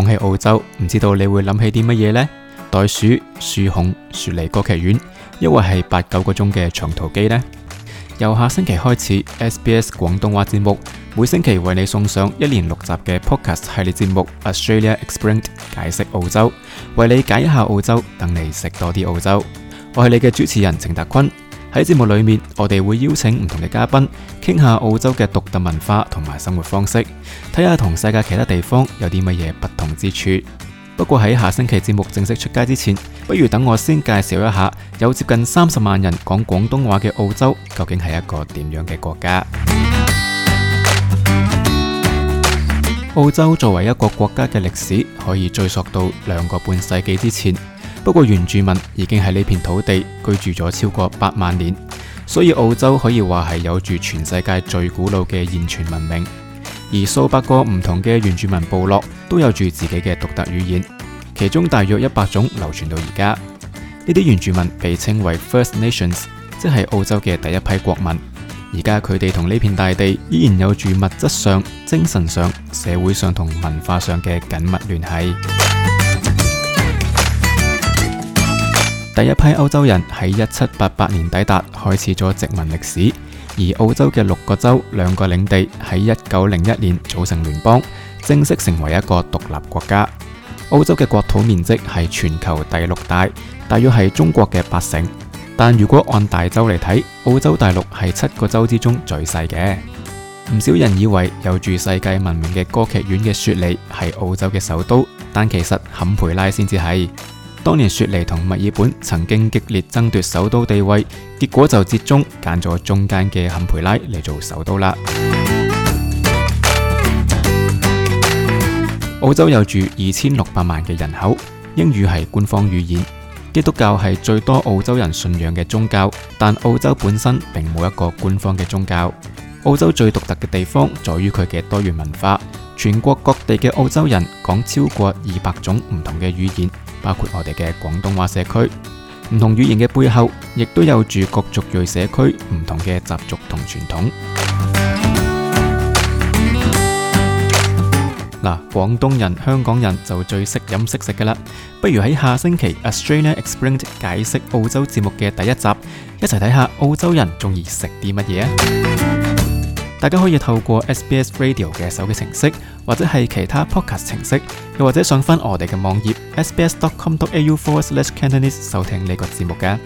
講起澳洲，唔知道你會諗起啲乜嘢呢？袋鼠、樹熊、雪梨歌劇院，抑或係八九個鐘嘅長途機呢？由下星期開始，SBS 廣東話節目每星期為你送上一連六集嘅 Podcast 系列節目《Australia Explained》，解釋澳洲，為你解一下澳洲，等你食多啲澳洲。我係你嘅主持人程達坤。喺節目裏面，我哋會邀請唔同嘅嘉賓，傾下澳洲嘅獨特文化同埋生活方式，睇下同世界其他地方有啲乜嘢不同之處。不過喺下星期節目正式出街之前，不如等我先介紹一下有接近三十萬人講廣東話嘅澳洲，究竟係一個點樣嘅國家？澳洲作為一個國家嘅歷史，可以追溯到兩個半世紀之前。不過原住民已經喺呢片土地居住咗超過八萬年，所以澳洲可以話係有住全世界最古老嘅現存文明。而數百個唔同嘅原住民部落都有住自己嘅獨特語言，其中大約一百種流傳到而家。呢啲原住民被稱為 First Nations，即係澳洲嘅第一批國民。而家佢哋同呢片大地依然有住物質上、精神上、社會上同文化上嘅緊密聯繫。第一批歐洲人喺一七八八年抵達，開始咗殖民歷史。而澳洲嘅六個州、兩個領地喺一九零一年組成聯邦，正式成為一個獨立國家。澳洲嘅國土面積係全球第六大，大約係中國嘅八成。但如果按大洲嚟睇，澳洲大陸係七個州之中最細嘅。唔少人以為有住世界聞名嘅歌劇院嘅雪梨係澳洲嘅首都，但其實坎培拉先至係。當年雪梨同墨爾本曾經激烈爭奪首都地位，結果就折中揀咗中間嘅坎培拉嚟做首都啦。澳洲有住二千六百萬嘅人口，英語係官方語言，基督教係最多澳洲人信仰嘅宗教，但澳洲本身並冇一個官方嘅宗教。澳洲最獨特嘅地方在於佢嘅多元文化。全國各地嘅澳洲人講超過二百種唔同嘅語言，包括我哋嘅廣東話社區。唔同語言嘅背後，亦都有住各族裔社區唔同嘅習俗同傳統。嗱，廣東人、香港人就最識飲識食㗎啦。不如喺下星期 Australia Explained 解釋澳洲節目嘅第一集，一齊睇下澳洲人鍾意食啲乜嘢啊！大家可以透過 SBS Radio 嘅手機程式，或者係其他 Podcast 程式，又或者上翻我哋嘅網頁 sbs.com.au/cantonese 收聽呢個節目嘅。